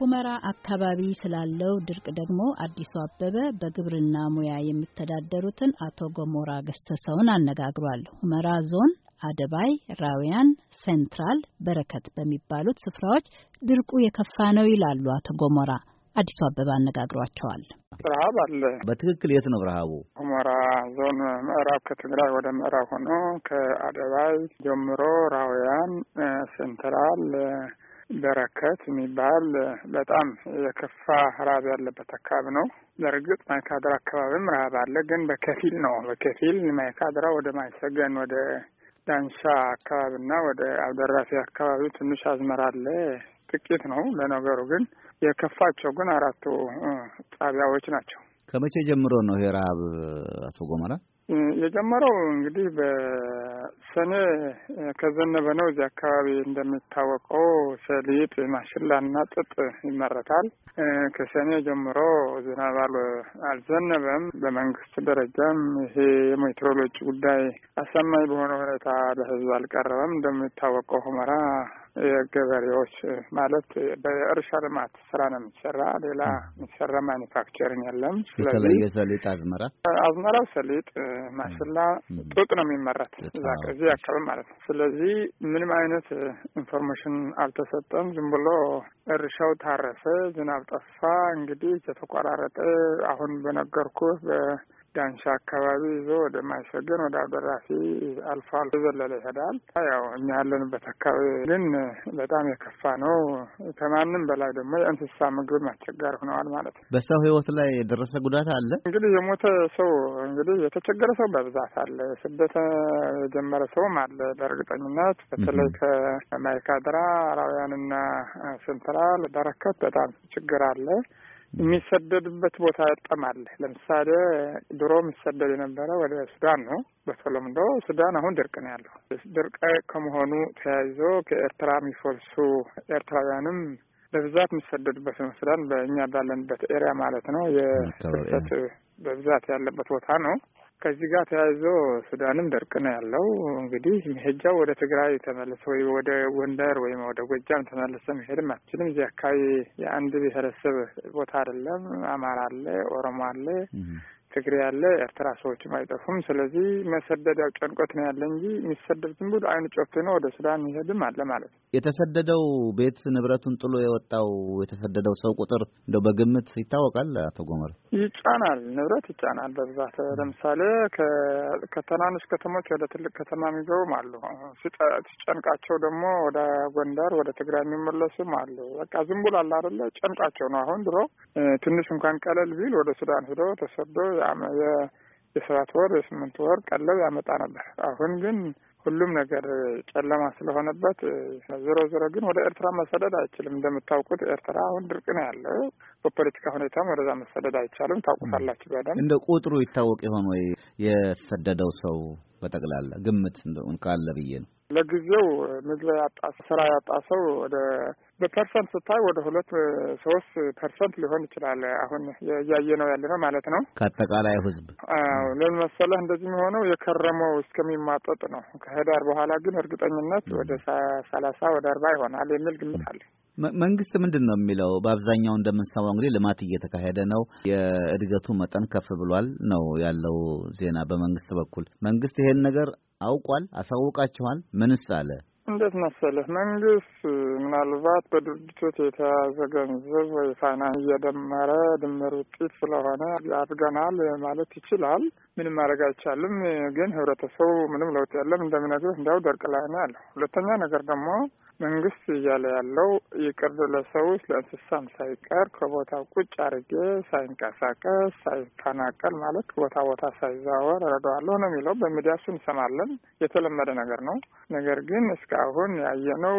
ሁመራ አካባቢ ስላለው ድርቅ ደግሞ አዲሱ አበበ በግብርና ሙያ የሚተዳደሩትን አቶ ጎሞራ ገሰሰውን አነጋግሯል። ሁመራ ዞን አደባይ፣ ራውያን፣ ሴንትራል፣ በረከት በሚባሉት ስፍራዎች ድርቁ የከፋ ነው ይላሉ አቶ ጎሞራ። አዲሱ አበባ አነጋግሯቸዋል። ረሀብ አለ። በትክክል የት ነው ረሀቡ? ሁመራ ዞን ምዕራብ ከትግራይ ወደ ምዕራብ ሆኖ ከአደባይ ጀምሮ ራውያን፣ ሴንትራል በረከት የሚባል በጣም የከፋ ረሀብ ያለበት አካባቢ ነው። በእርግጥ ማይካድራ አካባቢም ረሀብ አለ፣ ግን በከፊል ነው። በከፊል ማይካድራ ወደ ማይሰገን ወደ ዳንሻ አካባቢና ወደ አብደራፊ አካባቢ ትንሽ አዝመራ አለ። ጥቂት ነው ለነገሩ፣ ግን የከፋቸው ግን አራቱ ጣቢያዎች ናቸው። ከመቼ ጀምሮ ነው ይሄ ረሀብ አቶ ጎመራ? የጀመረው እንግዲህ በሰኔ ከዘነበ ነው። እዚህ አካባቢ እንደሚታወቀው ሰሊጥ፣ ማሽላና ጥጥ ይመረታል። ከሰኔ ጀምሮ ዝናብ አልዘነበም። በመንግስት ደረጃም ይሄ የሜትሮሎጂ ጉዳይ አሳማኝ በሆነ ሁኔታ ለህዝብ አልቀረበም። እንደሚታወቀው ሁመራ ገበሬዎች ማለት በእርሻ ልማት ስራ ነው የሚሰራ። ሌላ የሚሰራ ማኒፋክቸርን የለም። ስለዚህ የሰሊጥ አዝመራ አዝመራው ሰሊጥ፣ ማሽላ፣ ጡጥ ነው የሚመረት እዚህ አካባቢ ማለት ነው። ስለዚህ ምንም አይነት ኢንፎርሜሽን አልተሰጠም። ዝም ብሎ እርሻው ታረሰ፣ ዝናብ ጠፋ፣ እንግዲህ የተቆራረጠ አሁን በነገርኩህ ዳንሻ አካባቢ ይዞ ወደ ማይሰገን ወደ አብደራፊ አልፎ አልፎ ይሄዳል። ያው እኛ ያለንበት አካባቢ ግን በጣም የከፋ ነው። ከማንም በላይ ደግሞ የእንስሳ ምግብ አስቸጋሪ ሆነዋል ማለት ነው። በሰው ህይወት ላይ የደረሰ ጉዳት አለ። እንግዲህ የሞተ ሰው እንግዲህ የተቸገረ ሰው በብዛት አለ። ስደት የጀመረ ሰውም አለ በእርግጠኝነት በተለይ ከማይካድራ አራውያንና ሴንትራል በረከት በጣም ችግር አለ። የሚሰደድበት ቦታ ያጠማል። ለምሳሌ ድሮ የሚሰደድ የነበረ ወደ ሱዳን ነው። በተለምዶ ሱዳን አሁን ድርቅ ነው ያለው። ድርቅ ከመሆኑ ተያይዞ ከኤርትራ የሚፈልሱ ኤርትራውያንም በብዛት የሚሰደዱበት ነው። ሱዳን በእኛ ባለንበት ኤሪያ ማለት ነው። የፍልሰት በብዛት ያለበት ቦታ ነው። ከዚህ ጋር ተያይዞ ሱዳንም ደርቅ ነው ያለው። እንግዲህ መሄጃው ወደ ትግራይ ተመለሰ ወይ ወደ ጎንደር ወይም ወደ ጎጃም ተመለሰ መሄድም አችልም። እዚህ አካባቢ የአንድ ብሔረሰብ ቦታ አይደለም። አማራ አለ፣ ኦሮሞ አለ ትግሬ ያለ ኤርትራ ሰዎችም አይጠፉም። ስለዚህ መሰደዳው ጨንቆት ነው ያለ እንጂ የሚሰደድ ዝም ብሎ አይኑ ጮፌ ነው ወደ ሱዳን ይሄድም አለ ማለት ነው። የተሰደደው ቤት ንብረቱን ጥሎ የወጣው የተሰደደው ሰው ቁጥር እንደው በግምት ይታወቃል። አቶ ጎመር ይጫናል፣ ንብረት ይጫናል በብዛት ለምሳሌ ከትናንሽ ከተሞች ወደ ትልቅ ከተማ የሚገቡም አሉ። ሲጨንቃቸው ደግሞ ወደ ጎንደር ወደ ትግራይ የሚመለሱም አሉ። በቃ ዝም ብሎ አለ አይደለ ጨንቃቸው ነው። አሁን ድሮ ትንሽ እንኳን ቀለል ቢል ወደ ሱዳን ሂዶ ተሰዶ የስራት ወር የስምንት ወር ቀለብ ያመጣ ነበር። አሁን ግን ሁሉም ነገር ጨለማ ስለሆነበት ዞሮ ዞሮ ግን ወደ ኤርትራ መሰደድ አይችልም። እንደምታውቁት ኤርትራ አሁን ድርቅ ነው ያለው። በፖለቲካ ሁኔታም ወደዛ መሰደድ አይቻልም። ታውቁታላችሁ በደንብ። እንደ ቁጥሩ ይታወቅ ይሆን ወይ የተሰደደው ሰው በጠቅላላ ግምት ካለ ብዬ ነው። ለጊዜው ምግብ ያጣ ስራ ያጣ ሰው ወደ በፐርሰንት ስታይ ወደ ሁለት ሶስት ፐርሰንት ሊሆን ይችላል። አሁን እያየ ነው ያለ ነው ማለት ነው ከአጠቃላይ ህዝብ። ለምን መሰለህ እንደዚህ የሆነው የከረመው እስከሚማጠጥ ነው። ከህዳር በኋላ ግን እርግጠኝነት ወደ ሰላሳ ወደ አርባ ይሆናል የሚል ግምት አለ። መንግስት ምንድን ነው የሚለው? በአብዛኛው እንደምንሰማው እንግዲህ ልማት እየተካሄደ ነው፣ የእድገቱ መጠን ከፍ ብሏል ነው ያለው ዜና በመንግስት በኩል። መንግስት ይሄን ነገር አውቋል? አሳውቃችኋል? ምንስ አለ? እንዴት መሰለህ መንግስት ምናልባት በድርጅቶች የተያዘ ገንዘብ ወይ ፋይናንስ እየደመረ ድምር ውጤት ስለሆነ አድርገናል ማለት ይችላል። ምንም ማድረግ አይቻልም። ግን ህብረተሰቡ ምንም ለውጥ የለም እንደምነግርህ እንዲያው ደርቅ ላይ ነው ያለው። ሁለተኛ ነገር ደግሞ መንግስት እያለ ያለው ይቅር ለሰዎች ለእንስሳም ሳይቀር ከቦታው ቁጭ አርጌ ሳይንቀሳቀስ ሳይፈናቀል ማለት ቦታ ቦታ ሳይዘዋወር እረዳዋለሁ ነው የሚለው። በሚዲያ እሱ እንሰማለን፣ የተለመደ ነገር ነው። ነገር ግን እስከ አሁን ያየነው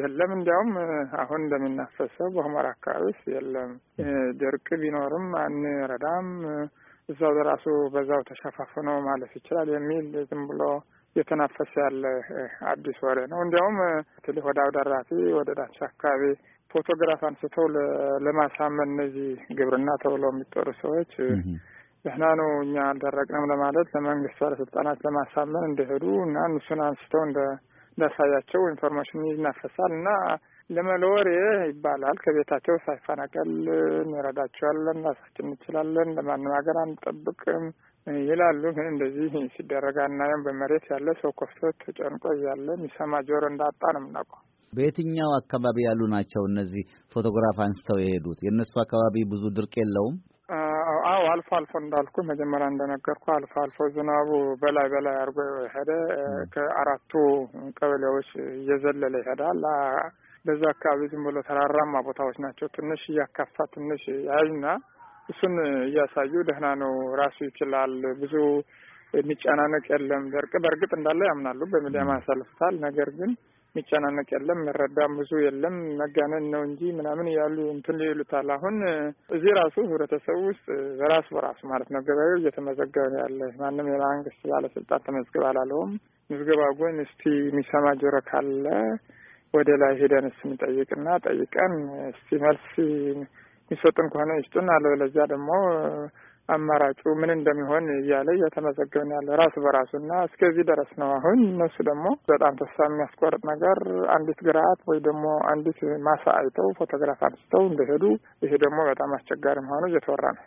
የለም። እንዲያውም አሁን እንደምናፈሰው በሁመራ ውስጥ የለም። ድርቅ ቢኖርም አንረዳም፣ እዛው ለራሱ በዛው ተሸፋፍኖ ማለፍ ይችላል የሚል ዝም ብሎ እየተናፈሰ ያለ አዲስ ወሬ ነው። እንዲያውም ትልህ ወደ አውደራፊ ወደ ዳቻ አካባቢ ፎቶግራፍ አንስተው ለማሳመን እነዚህ ግብርና ተብለው የሚጠሩ ሰዎች ደህና ነው እኛ አልደረቅንም ለማለት ለመንግስት ባለስልጣናት ለማሳመን እንደሄዱ እና እነሱን አንስተው እንደ ላሳያቸው ኢንፎርሜሽን ይናፈሳል እና ለመለወር ይባላል። ከቤታቸው ሳይፈናቀል እንረዳቸዋለን፣ ራሳችን እንችላለን፣ ለማንም ሀገር አንጠብቅም ይላሉ። ግን እንደዚህ ሲደረግ አናየም። በመሬት ያለ ሰው ኮፍቶ ተጨንቆ እያለ የሚሰማ ጆሮ እንዳጣ ነው የምናውቀው። በየትኛው አካባቢ ያሉ ናቸው እነዚህ ፎቶግራፍ አንስተው የሄዱት? የእነሱ አካባቢ ብዙ ድርቅ የለውም? አዎ አልፎ አልፎ እንዳልኩ መጀመሪያ እንደነገርኩ አልፎ አልፎ ዝናቡ በላይ በላይ አድርጎ ሄደ። ከአራቱ ቀበሌዎች እየዘለለ ይሄዳል። በዛ አካባቢ ዝም ብሎ ተራራማ ቦታዎች ናቸው። ትንሽ እያካፋ ትንሽ ያይና እሱን እያሳዩ ደህና ነው፣ ራሱ ይችላል፣ ብዙ የሚጨናነቅ የለም። ደርቅ በእርግጥ እንዳለ ያምናሉ፣ በሚዲያ ማሳልፍታል። ነገር ግን የሚጨናነቅ የለም፣ የሚረዳም ብዙ የለም፣ መጋነን ነው እንጂ ምናምን ያሉ እንትን ሊሉታል። አሁን እዚህ ራሱ ህብረተሰቡ ውስጥ በራሱ በራሱ ማለት ነው ገበሬው እየተመዘገበ ነው ያለ። ማንም የመንግስት ባለስልጣን ተመዝግብ አላለውም። ምዝገባ ጎን እስቲ የሚሰማ ጆሮ ካለ ወደ ላይ ሄደን ስንጠይቅና ጠይቀን እስቲ መልስ የሚሰጡን ከሆነ ይስጡን፣ አለ። ለዚያ ደግሞ አማራጩ ምን እንደሚሆን እያለ እየተመዘገብን ያለ ራሱ በራሱ እና እስከዚህ ድረስ ነው። አሁን እነሱ ደግሞ በጣም ተስፋ የሚያስቆርጥ ነገር አንዲት ግርአት ወይ ደግሞ አንዲት ማሳ አይተው ፎቶግራፍ አንስተው እንደሄዱ፣ ይሄ ደግሞ በጣም አስቸጋሪ መሆኑ እየተወራ ነው።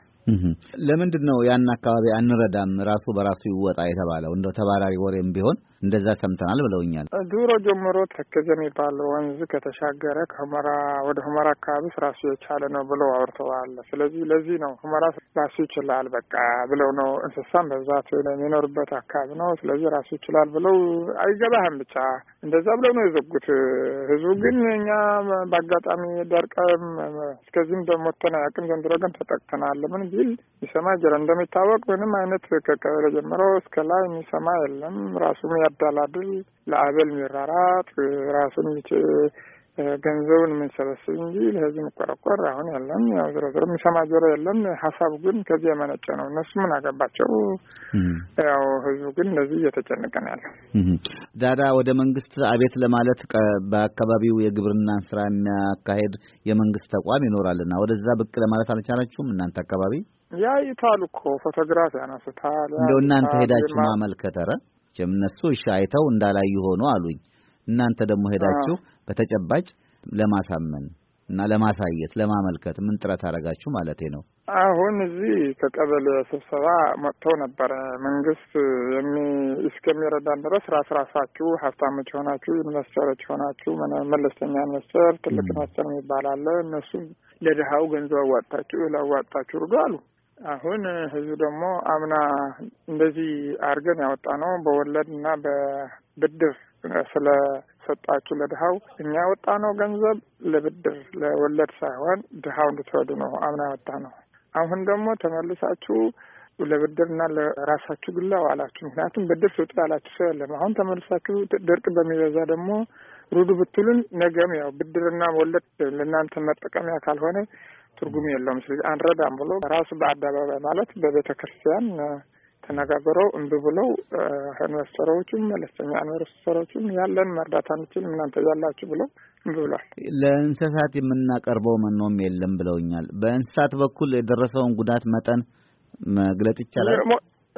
ለምንድን ነው ያን አካባቢ አንረዳም ራሱ በራሱ ይወጣ የተባለው? እንደ ተባራሪ ወሬም ቢሆን እንደዛ ሰምተናል ብለውኛል። ድሮ ጀምሮ ተከዜ የሚባል ወንዝ ከተሻገረ ከሁመራ ወደ ሁመራ አካባቢ ራሱ የቻለ ነው ብለው አውርተዋል። ስለዚህ ለዚህ ነው ሁመራ ራሱ ይችላል በቃ ብለው ነው። እንስሳም በብዛት የሚኖርበት አካባቢ ነው። ስለዚህ ራሱ ይችላል ብለው አይገባህም ብቻ እንደዛ ብለው ነው የዘጉት። ህዝቡ ግን እኛ በአጋጣሚ ደርቀም እስከዚህም ደሞተና ያቅም ዘንድሮ ግን ተጠቅተናል ለምን ሲል ይሰማ ጀረ። እንደሚታወቅ ምንም አይነት ከቀበሌ ጀምሮ እስከ ላይ የሚሰማ የለም። ራሱም ያዳላድል ለአበል የሚራራት ራሱን ገንዘቡን የምንሰበስብ እንጂ ለህዝብ የሚቆረቆር አሁን የለም። ያው ዞሮ ዞሮ የሚሰማ ጆሮ የለም። ሀሳቡ ግን ከዚህ የመነጨ ነው። እነሱ ምን አገባቸው? ያው ህዝቡ ግን እንደዚህ እየተጨነቀ ነው ያለው። ዳዳ ወደ መንግስት አቤት ለማለት በአካባቢው የግብርና ስራ የሚያካሄድ የመንግስት ተቋም ይኖራልና ወደዛ ብቅ ለማለት አልቻላችሁም እናንተ አካባቢ? ያ ይታሉ እኮ ፎቶግራፍ ያነሱታል። እንደው እናንተ ሄዳችሁ ማመልከት? ኧረ እነሱ እሺ አይተው እንዳላዩ ሆኖ አሉኝ። እናንተ ደግሞ ሄዳችሁ በተጨባጭ ለማሳመን እና ለማሳየት ለማመልከት ምን ጥረት አደረጋችሁ ማለት ነው? አሁን እዚህ ከቀበሌ ስብሰባ መጥተው ነበረ። መንግስት የሚ እስከሚረዳን ድረስ ራስ ራሳችሁ ሀብታሞች የሆናችሁ ኢንቨስተሮች የሆናችሁ መለስተኛ ኢንቨስተር፣ ትልቅ ኢንቨስተር የሚባል አለ። እነሱም ለድሀው ገንዘብ አዋጣችሁ ለዋጣችሁ እርዱ አሉ። አሁን ህዝቡ ደግሞ አምና እንደዚህ አድርገን ያወጣ ነው በወለድ እና በብድር ስለሰጣችሁ ለድሀው እኛ ወጣ ነው ገንዘብ ለብድር ለወለድ ሳይሆን ድሀው እንድትረዱ ነው አምና ወጣ ነው። አሁን ደግሞ ተመልሳችሁ ለብድርና ለራሳችሁ ግላ አላችሁ። ምክንያቱም ብድር ስጡ ያላችሁ ሰው የለም። አሁን ተመልሳችሁ ድርቅ በሚበዛ ደግሞ ሩዱ ብትሉን ነገም ያው ብድርና ወለድ ለእናንተ መጠቀሚያ ካልሆነ ትርጉም የለውም። ስለዚህ አንረዳም ብሎ ራሱ በአደባባይ ማለት በቤተ ክርስቲያን ተነጋግረው እምቢ ብለው ኢንቨስተሮቹም መለስተኛ ኢንቨስተሮቹም ያለን መርዳት አንችልም እናንተ ያላችሁ ብለው እምቢ ብሏል። ለእንስሳት የምናቀርበው መኖም የለም ብለውኛል። በእንስሳት በኩል የደረሰውን ጉዳት መጠን መግለጥ ይቻላል?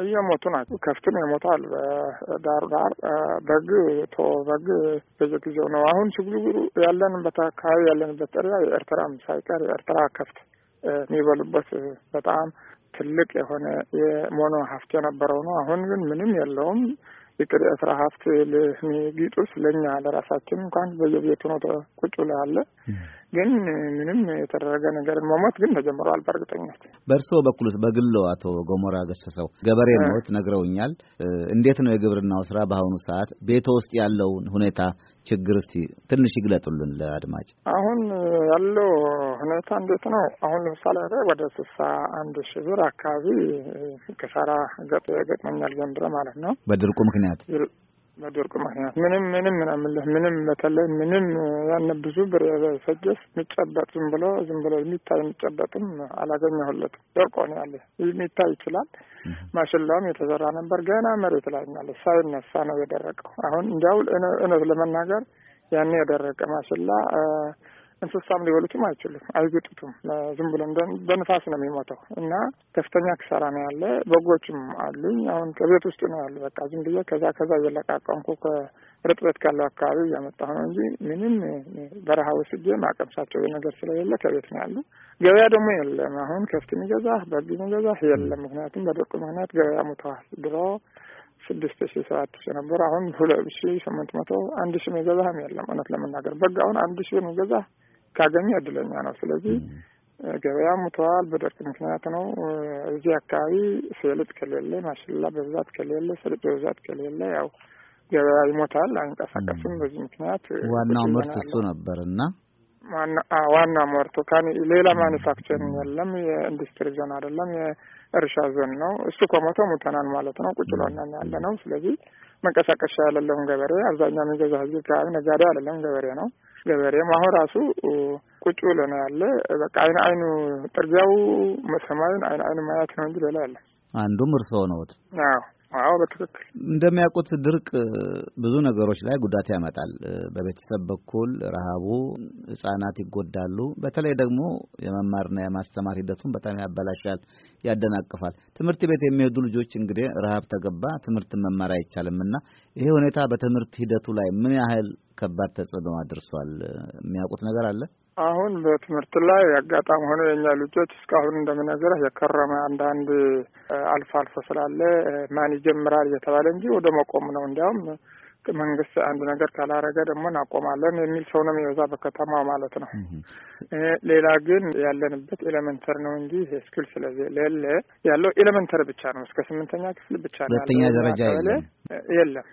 እየሞቱ ናቸው። ከፍትም ይሞታል። በዳር ዳር በግ ቶ በግ በየጊዜው ነው። አሁን ችግሩ ያለንበት አካባቢ ያለንበት ጠሪያ የኤርትራም ሳይቀር የኤርትራ ከፍት የሚበሉበት በጣም ትልቅ የሆነ የሞኖ ሀብት የነበረው ነው። አሁን ግን ምንም የለውም። ይቅር የስራ ሀብት ጊጡስ ለእኛ ለራሳችን እንኳን በየቤቱ ነው ቁጭ ብሎ ያለ ግን ምንም የተደረገ ነገር መሞት ግን ተጀምረዋል። በእርግጠኛት በእርስዎ በኩል በግሎ አቶ ጎሞራ ገሰሰው ገበሬ ሞት ነግረውኛል። እንዴት ነው የግብርናው ስራ በአሁኑ ሰዓት ቤቶ ውስጥ ያለውን ሁኔታ ችግር እስቲ ትንሽ ይግለጡልን ለአድማጭ። አሁን ያለው ሁኔታ እንዴት ነው? አሁን ለምሳሌ ወደ ስልሳ አንድ ሺህ ብር አካባቢ ገጥ ገጥሞኛል ዘንድሮ ማለት ነው በድርቁ ምክንያት በድርቅ ምክንያት ምንም ምንም ምናምንለህ ምንም በተለይ ምንም ያን ብዙ ብር ፈጀስ የሚጨበጥ ዝም ብሎ ዝም ብሎ የሚታይ የሚጨበጥም አላገኘሁለትም። ደርቆ ነው ያለ የሚታይ ይችላል። ማሽላውም የተዘራ ነበር ገና መሬት ላይ ያለ ሳይነሳ ነው የደረቀው። አሁን እንዲያው እውነት ለመናገር ያኔ የደረቀ ማሽላ እንስሳም ሊበሉትም አይችሉም፣ አይግጡትም። ዝም ብሎ በንፋስ ነው የሚሞተው እና ከፍተኛ ክሳራ ነው ያለ። በጎችም አሉኝ። አሁን ከቤት ውስጥ ነው ያሉ። በቃ ዝም ብዬ ከዛ ከዛ እየለቃቀምኩ ከርጥበት ካለው አካባቢ እያመጣሁ ነው እንጂ ምንም በረሃ ወስጄ ማቀምሳቸው ነገር ስለሌለ ከቤት ነው ያሉ። ገበያ ደግሞ የለም። አሁን ከፍት የሚገዛ በግ የሚገዛ የለም። ምክንያቱም በደቁ ምክንያት ገበያ ሞተዋል። ድሮ ስድስት ሺ ሰባት ሺ ነበር። አሁን ሁለት ሺ ስምንት መቶ አንድ ሺ የሚገዛህም የለም። እውነት ለመናገር በግ አሁን አንድ ሺ የሚገዛህ ካገኘ እድለኛ ነው። ስለዚህ ገበያ ሙተዋል። በደርቅ ምክንያት ነው። እዚህ አካባቢ ሴልጥ ከሌለ ማሽላ በብዛት ከሌለ ስልጥ በብዛት ከሌለ ያው ገበያ ይሞታል፣ አይንቀሳቀስም። በዚህ ምክንያት ዋናው ምርት እሱ ነበር እና ዋና ምርቱ ሌላ ማኒፋክቸሪንግ የለም። የኢንዱስትሪ ዞን አይደለም፣ የእርሻ ዞን ነው። እሱ ከሞተ ሙተናል ማለት ነው። ቁጭ ብሎናል ያለ ነው። ስለዚህ መንቀሳቀሻ ያለለውን ገበሬ አብዛኛው የሚገዛ ህዝብ አካባቢ ነጋዴ አይደለም፣ ገበሬ ነው። ገበሬ አሁን ራሱ ቁጭ ብሎ ነው ያለ። በቃ አይን አይኑ ጥርጊያው መሰማዩን አይን አይኑ ማየት ነው እንጂ ሌላ ያለ አንዱም እርስዎ ነዎት። አዎ አዎ በትክክል እንደሚያውቁት ድርቅ ብዙ ነገሮች ላይ ጉዳት ያመጣል። በቤተሰብ በኩል ረሃቡ፣ ህጻናት ይጎዳሉ። በተለይ ደግሞ የመማርና የማስተማር ሂደቱን በጣም ያበላሻል፣ ያደናቅፋል። ትምህርት ቤት የሚሄዱ ልጆች እንግዲህ ረሃብ ተገባ ትምህርትን መማር አይቻልም እና ይሄ ሁኔታ በትምህርት ሂደቱ ላይ ምን ያህል ከባድ ተጽዕኖ አድርሷል? የሚያውቁት ነገር አለ? አሁን በትምህርት ላይ አጋጣሚ ሆኖ የኛ ልጆች እስካሁን እንደምነገረህ የከረመ አንዳንድ አልፎ አልፎ ስላለ ማን ይጀምራል እየተባለ እንጂ ወደ መቆም ነው። እንዲያውም መንግስት አንድ ነገር ካላረገ ደግሞ እናቆማለን የሚል ሰው ነው የሚበዛ በከተማው ማለት ነው። ሌላ ግን ያለንበት ኤሌመንተር ነው እንጂ ስኩል ስለሌለ ያለው ኤሌመንተር ብቻ ነው። እስከ ስምንተኛ ክፍል ብቻ ነው ሁለተኛ ደረጃ የለም።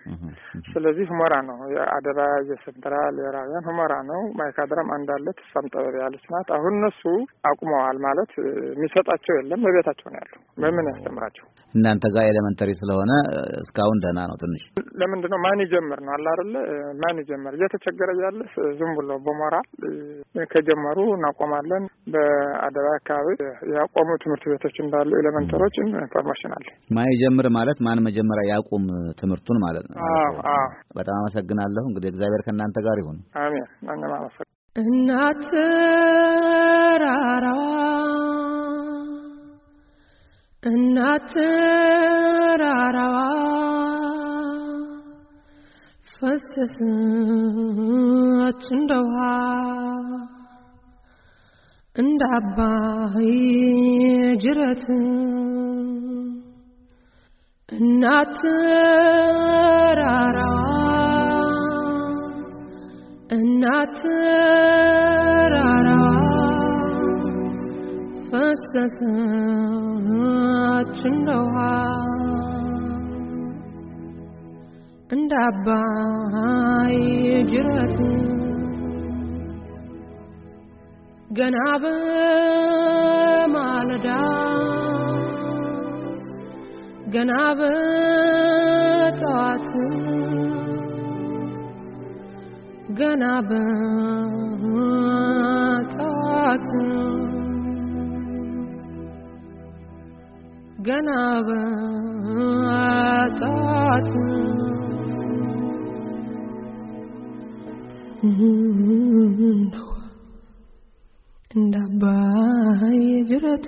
ስለዚህ ሁመራ ነው የአደራ የሴንትራል የራውያን ሁመራ ነው። ማይካድራም አንዳለ ትሳም ጠበብ ያለች ናት። አሁን እነሱ አቁመዋል ማለት የሚሰጣቸው የለም። በቤታቸው ነው ያለው። በምን ያስተምራቸው? እናንተ ጋር ኤሌመንተሪ ስለሆነ እስካሁን ደህና ነው። ትንሽ ለምንድን ነው ማን ይጀምር ነው አለ አይደለ? ማን ይጀምር እየተቸገረ ያለ ዝም ብሎ በሞራል ከጀመሩ እናቆማለን። በአደባ አካባቢ ያቆሙ ትምህርት ቤቶች እንዳሉ ኤሌመንተሮች ኢንፎርሜሽን አለ። ማን ይጀምር ማለት ማን መጀመሪያ ያቁም ትምህርቱን ማለት ነው። በጣም አመሰግናለሁ። እንግዲህ እግዚአብሔር ከእናንተ ጋር ይሁን። እናት ተራራዋ እናት ፈሰሰች እንደ ውሃ እንደ አባይ እናት ራራ እናት ራራ ፈሰሰች እንደ ውሃ እንደ አባይ ጅረት ገና በማለዳ ገና በጠዋት ገና በጠዋት ገና በጠዋት እንዳባይ ጅረት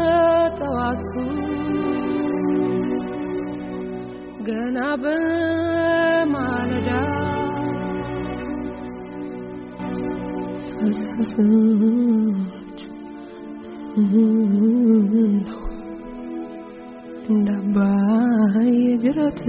በማለዳ ፈሰሰች እንዳባይ ግረት